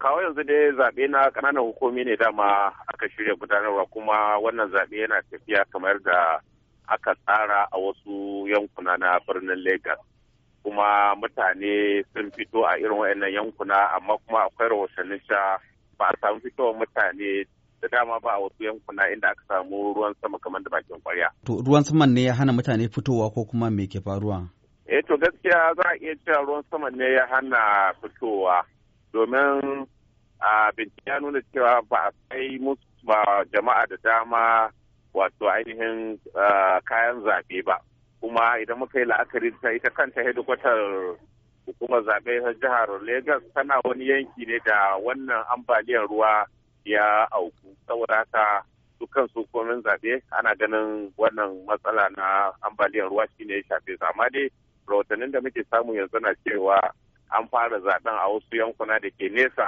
kawo yanzu dai zaɓe na ƙananan hukumi ne dama aka shirya gudanarwa kuma wannan zaɓe yana tafiya kamar da aka tsara a wasu yankuna na birnin Legas. Kuma mutane sun fito a irin waɗannan yankuna amma kuma akwai rahotanni sha ba a samu fitowar mutane da dama ba a wasu yankuna inda aka samu ruwan sama kamar da bakin kwarya. To ruwan saman ne ya hana mutane fitowa ko kuma me ke faruwa? Eh to gaskiya za a iya cewa ruwan saman ne ya hana fitowa. domin a bincike ya nuna cewa ba a kai musu ba jama'a da dama wato ainihin kayan zaɓe ba kuma idan muka yi la'akari ta ita kanta hedikwatar hukumar zaɓe ta jihar Legas tana wani yanki ne da wannan ambaliyar ruwa ya auku saboda haka dukkan su komin zaɓe ana ganin wannan matsala na ambaliyar ruwa shine ya shafe su amma dai rahotannin da muke samu yanzu na cewa an fara zaɓen a wasu yankuna da ke nesa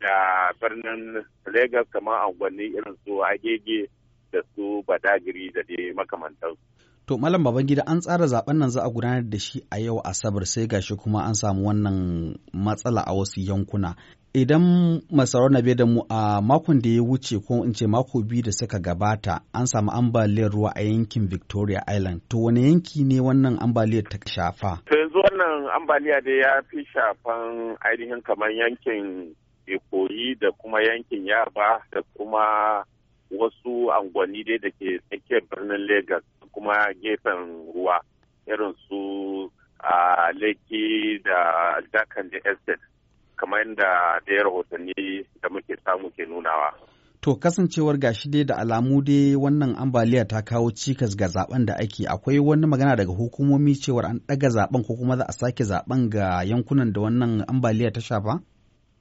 da birnin Legas kamar angwanni irin su agege da su badagiri da dai makamantansu. To Malam Babangida an tsara zaben nan za a gudanar da shi a yau Asabar sai gashi kuma an samu wannan matsala a wasu yankuna. idan masarauna na da mu a makon da ya wuce ko in ce mako biyu da suka gabata an samu ambaliyar ruwa a yankin victoria island to wani yanki ne wannan ambaliyar ta shafa to yanzu wannan ambaliya da ya fi shafan ainihin kamar yankin ikoyi da kuma yankin yaba da kuma wasu angwani dai da ke tsakiyar birnin lagos kuma gefen ruwa irin su a ah, leki da dakan da estate kamar yadda da rahotanni da muke samu ke nunawa. To kasancewar gashi dai da alamu dai wannan ambaliya ta kawo cikas ga zaben da ake akwai wani magana daga hukumomi cewar an ɗaga zaben ko kuma za a sake zaben ga yankunan da wannan ambaliya ta shafa?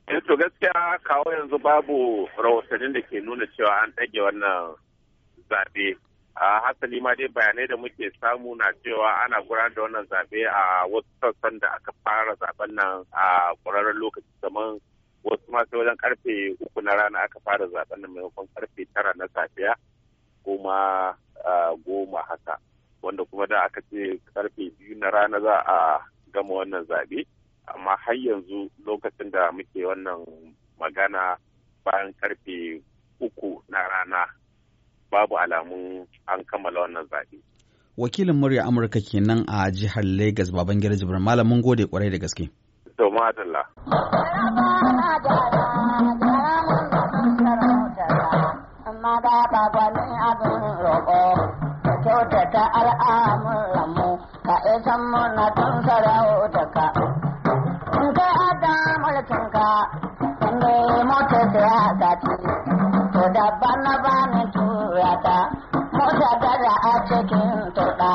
Eh, to gaskiya kawo yanzu babu rahotannin da ke nuna cewa an ɗage wannan zaɓe a hasali ma dai bayanai da muke samu na cewa ana gudanar da wannan zabe a wasu sassan da aka fara zaben nan a kwararren lokaci kamar wasu masu wajen karfe uku na rana aka fara zaben nan maimakon karfe tara na safiya kuma goma haka wanda kuma da aka ce karfe biyu na rana za a gama wannan zabe amma har yanzu lokacin da muke wannan magana bayan karfe uku na rana babu alamun an kammala wannan zaɓe. Wakilin murya Amurka kenan a jihar Legas Babangida Jibrin Malam mun gode kwarai da gaske. To ma'adalla. Amma ba ba gwanin abin roƙo, kyautata al'amuranmu, ka isan mu na tun sarauta ka. ka ada mulkinka, in ne mota siyasa ce. da bana bani tura ta mota tara a cikin tuɗa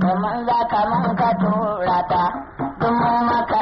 domin za ka mun ka tura ta domin maka